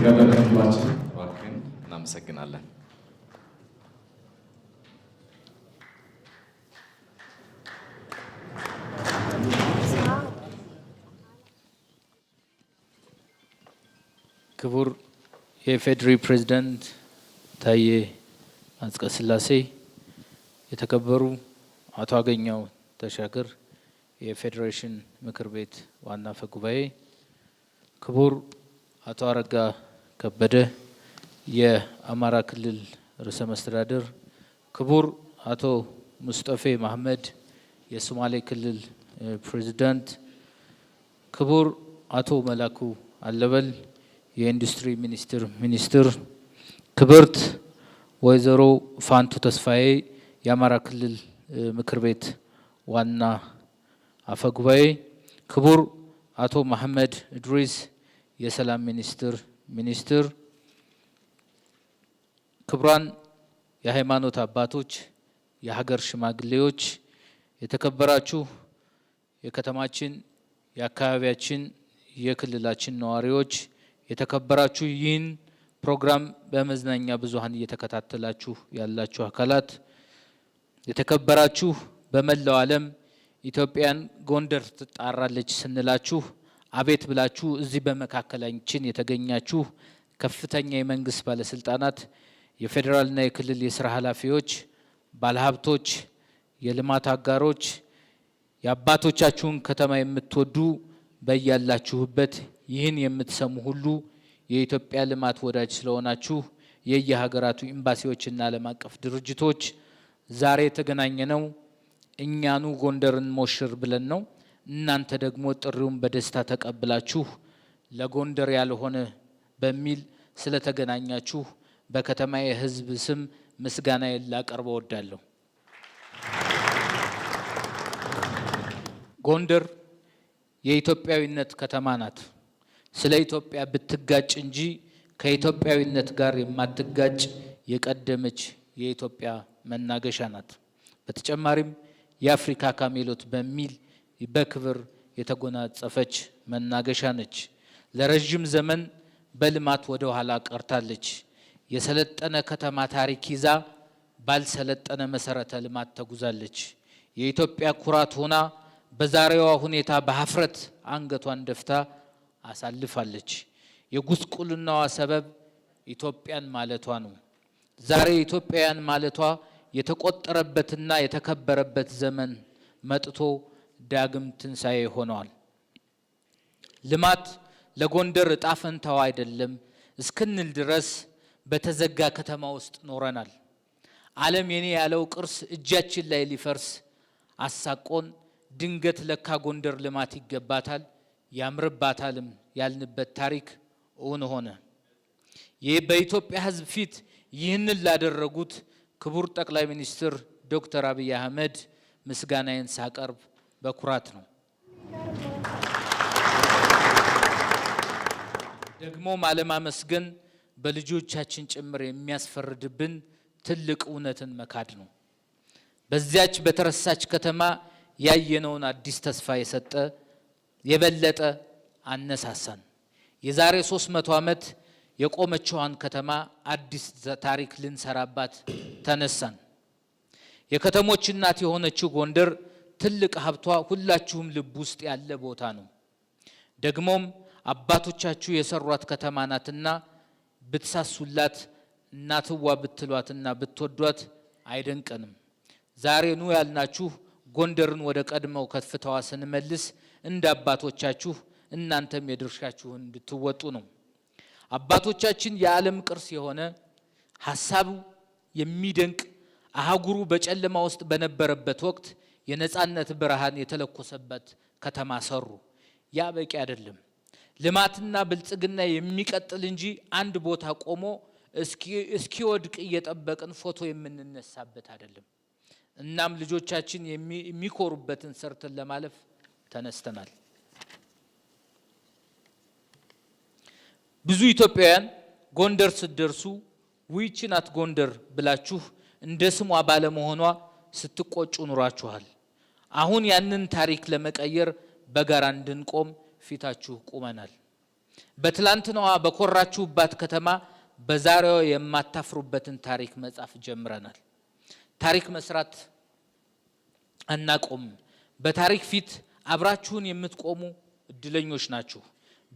ስለጋበዛችሁላችን እባክህን እናመሰግናለን። ክቡር የፌዴሪ ፕሬዝዳንት ታዬ ስላሴ የተከበሩ አቶ አገኘው ተሻገር የፌዴሬሽን ምክር ቤት ዋና አፈ ጉባኤ፣ ክቡር አቶ አረጋ ከበደ፣ የአማራ ክልል ርዕሰ መስተዳድር ክቡር አቶ ሙስጠፌ ማህመድ፣ የሶማሌ ክልል ፕሬዚዳንት ክቡር አቶ መላኩ አለበል፣ የኢንዱስትሪ ሚኒስትር ሚኒስትር ክብርት ወይዘሮ ፋንቱ ተስፋዬ የአማራ ክልል ምክር ቤት ዋና አፈጉባኤ፣ ክቡር አቶ መሐመድ እድሪስ የሰላም ሚኒስትር ሚኒስትር፣ ክቡራን የሃይማኖት አባቶች፣ የሀገር ሽማግሌዎች፣ የተከበራችሁ የከተማችን የአካባቢያችን የክልላችን ነዋሪዎች የተከበራችሁ ይህን ፕሮግራም በመዝናኛ ብዙሃን እየተከታተላችሁ ያላችሁ አካላት የተከበራችሁ በመላው ዓለም ኢትዮጵያን ጎንደር ትጣራለች ስንላችሁ አቤት ብላችሁ እዚህ በመካከላችን የተገኛችሁ ከፍተኛ የመንግስት ባለስልጣናት፣ የፌዴራልና የክልል የስራ ኃላፊዎች፣ ባለሀብቶች፣ የልማት አጋሮች፣ የአባቶቻችሁን ከተማ የምትወዱ በያላችሁበት ይህን የምትሰሙ ሁሉ የኢትዮጵያ ልማት ወዳጅ ስለሆናችሁ የየሀገራቱ ኤምባሲዎችና ዓለም አቀፍ ድርጅቶች ዛሬ የተገናኘ ነው እኛኑ ጎንደርን ሞሽር ብለን ነው። እናንተ ደግሞ ጥሪውን በደስታ ተቀብላችሁ ለጎንደር ያልሆነ በሚል ስለተገናኛችሁ በከተማ የህዝብ ስም ምስጋና ላቀርብ እወዳለሁ። ጎንደር የኢትዮጵያዊነት ከተማ ናት። ስለ ኢትዮጵያ ብትጋጭ እንጂ ከኢትዮጵያዊነት ጋር የማትጋጭ የቀደመች የኢትዮጵያ መናገሻ ናት። በተጨማሪም የአፍሪካ ካሜሎት በሚል በክብር የተጎናጸፈች መናገሻ ነች። ለረዥም ዘመን በልማት ወደ ኋላ ቀርታለች። የሰለጠነ ከተማ ታሪክ ይዛ ባልሰለጠነ መሰረተ ልማት ተጉዛለች። የኢትዮጵያ ኩራት ሆና በዛሬዋ ሁኔታ በሀፍረት አንገቷን ደፍታ አሳልፋለች። የጉስቁልናዋ ሰበብ ኢትዮጵያን ማለቷ ነው። ዛሬ ኢትዮጵያውያን ማለቷ የተቆጠረበትና የተከበረበት ዘመን መጥቶ ዳግም ትንሣኤ ሆነዋል። ልማት ለጎንደር እጣ አይደለም እስክንል ድረስ በተዘጋ ከተማ ውስጥ ኖረናል። ዓለም የኔ ያለው ቅርስ እጃችን ላይ ሊፈርስ አሳቆን ድንገት ለካ ጎንደር ልማት ይገባታል ያምርባታልም ያልንበት ታሪክ እውን ሆነ። ይህ በኢትዮጵያ ህዝብ ፊት ይህንን ላደረጉት ክቡር ጠቅላይ ሚኒስትር ዶክተር አብይ አህመድ ምስጋናዬን ሳቀርብ በኩራት ነው። ደግሞ አለማመስገን በልጆቻችን ጭምር የሚያስፈርድብን ትልቅ እውነትን መካድ ነው። በዚያች በተረሳች ከተማ ያየነውን አዲስ ተስፋ የሰጠ የበለጠ አነሳሳን። የዛሬ 300 ዓመት የቆመችዋን ከተማ አዲስ ታሪክ ልንሰራባት ተነሳን። የከተሞች እናት የሆነችው ጎንደር ትልቅ ሀብቷ ሁላችሁም ልብ ውስጥ ያለ ቦታ ነው። ደግሞም አባቶቻችሁ የሰሯት ከተማ ናትና ብትሳሱላት፣ እናትዋ ብትሏትና ብትወዷት አይደንቀንም። ዛሬ ኑ ያልናችሁ ጎንደርን ወደ ቀድመው ከፍታዋ ስንመልስ እንደ አባቶቻችሁ እናንተም የድርሻችሁን እንድትወጡ ነው። አባቶቻችን የዓለም ቅርስ የሆነ ሀሳቡ የሚደንቅ አህጉሩ በጨለማ ውስጥ በነበረበት ወቅት የነፃነት ብርሃን የተለኮሰበት ከተማ ሰሩ። ያ በቂ አይደለም። ልማትና ብልጽግና የሚቀጥል እንጂ አንድ ቦታ ቆሞ እስኪወድቅ እየጠበቅን ፎቶ የምንነሳበት አይደለም። እናም ልጆቻችን የሚኮሩበትን ሰርተን ለማለፍ ተነስተናል። ብዙ ኢትዮጵያውያን ጎንደር ስደርሱ ውይችናት ጎንደር ብላችሁ እንደ ስሟ ባለመሆኗ ስትቆጩ ኑራችኋል። አሁን ያንን ታሪክ ለመቀየር በጋራ እንድንቆም ፊታችሁ ቁመናል። በትላንትናዋ በኮራችሁባት ከተማ በዛሬዋ የማታፍሩበትን ታሪክ መጻፍ ጀምረናል። ታሪክ መስራት አናቆምም። በታሪክ ፊት አብራችሁን የምትቆሙ እድለኞች ናችሁ።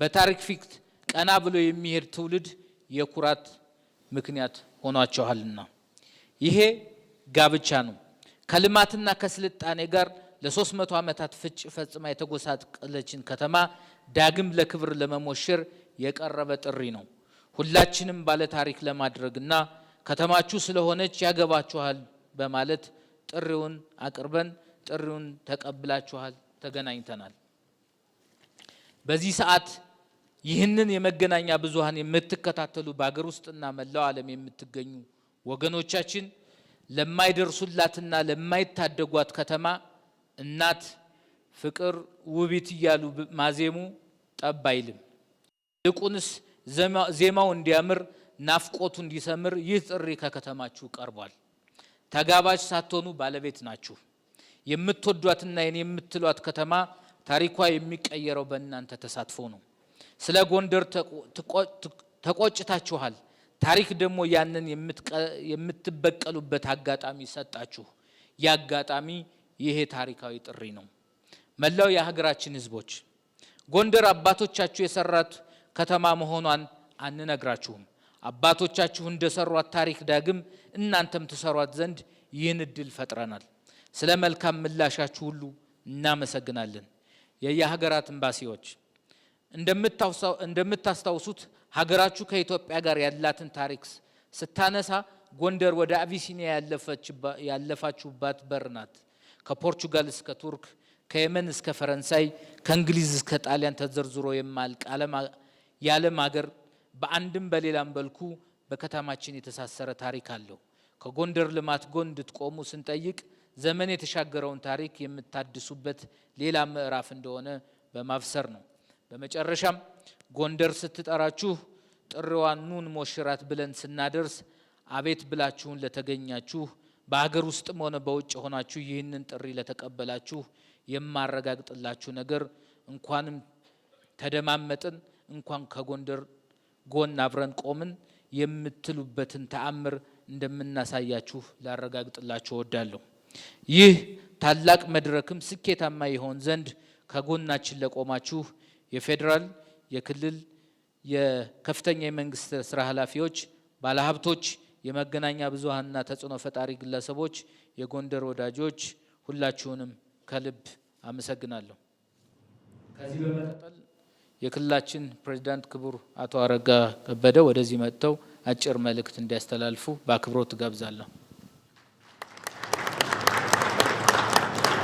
በታሪክ ፊት ቀና ብሎ የሚሄድ ትውልድ የኩራት ምክንያት ሆኗቸኋልና ይሄ ጋብቻ ነው። ከልማትና ከስልጣኔ ጋር ለሶስት መቶ ዓመታት ፍጭ ፈጽማ የተጎሳቀለችን ከተማ ዳግም ለክብር ለመሞሸር የቀረበ ጥሪ ነው። ሁላችንም ባለታሪክ ለማድረግና ከተማችሁ ስለሆነች ያገባችኋል በማለት ጥሪውን አቅርበን ጥሪውን ተቀብላችኋል፣ ተገናኝተናል። በዚህ ሰዓት ይህንን የመገናኛ ብዙሃን የምትከታተሉ በአገር ውስጥና መላው ዓለም የምትገኙ ወገኖቻችን ለማይደርሱላትና ለማይታደጓት ከተማ እናት ፍቅር ውቢት እያሉ ማዜሙ ጠብ አይልም። ይልቁንስ ዜማው እንዲያምር ናፍቆቱ እንዲሰምር ይህ ጥሪ ከከተማችሁ ቀርቧል። ተጋባዥ ሳትሆኑ ባለቤት ናችሁ። የምትወዷትና የምትሏት ከተማ ታሪኳ የሚቀየረው በእናንተ ተሳትፎ ነው። ስለ ጎንደር ተቆጭታችኋል። ታሪክ ደግሞ ያንን የምትበቀሉበት አጋጣሚ ሰጣችሁ። ያ አጋጣሚ !። ይሄ ታሪካዊ ጥሪ ነው። መላው የሀገራችን ህዝቦች ጎንደር አባቶቻችሁ የሰራት ከተማ መሆኗን አንነግራችሁም። አባቶቻችሁ እንደሰሯት ታሪክ ዳግም እናንተም ትሰሯት ዘንድ ይህን እድል ፈጥረናል። ስለ መልካም ምላሻችሁ ሁሉ እናመሰግናለን። የየሀገራት ኤምባሲዎች እንደምታስታውሱት ሀገራችሁ ከኢትዮጵያ ጋር ያላትን ታሪክ ስታነሳ ጎንደር ወደ አቢሲኒያ ያለፋችሁባት በር ናት። ከፖርቹጋል እስከ ቱርክ፣ ከየመን እስከ ፈረንሳይ፣ ከእንግሊዝ እስከ ጣሊያን ተዘርዝሮ የማልቅ የዓለም ሀገር በአንድም በሌላም በልኩ በከተማችን የተሳሰረ ታሪክ አለው። ከጎንደር ልማት ጎን እንድትቆሙ ስንጠይቅ ዘመን የተሻገረውን ታሪክ የምታድሱበት ሌላ ምዕራፍ እንደሆነ በማብሰር ነው። በመጨረሻም ጎንደር ስትጠራችሁ ጥሪዋን ኑን ሞሽራት ብለን ስናደርስ አቤት ብላችሁን ለተገኛችሁ በሀገር ውስጥም ሆነ በውጭ ሆናችሁ ይህንን ጥሪ ለተቀበላችሁ የማረጋግጥላችሁ ነገር እንኳንም ተደማመጥን፣ እንኳን ከጎንደር ጎን አብረን ቆምን የምትሉበትን ተአምር እንደምናሳያችሁ ላረጋግጥላችሁ እወዳለሁ። ይህ ታላቅ መድረክም ስኬታማ ይሆን ዘንድ ከጎናችን ለቆማችሁ የፌዴራል፣ የክልል፣ የከፍተኛ የመንግስት ስራ ኃላፊዎች፣ ባለሀብቶች የመገናኛ ብዙሃንና ተጽዕኖ ፈጣሪ ግለሰቦች፣ የጎንደር ወዳጆች ሁላችሁንም ከልብ አመሰግናለሁ። ከዚህ በመቀጠል የክልላችን ፕሬዚዳንት ክቡር አቶ አረጋ ከበደ ወደዚህ መጥተው አጭር መልእክት እንዲያስተላልፉ በአክብሮት እጋብዛለሁ።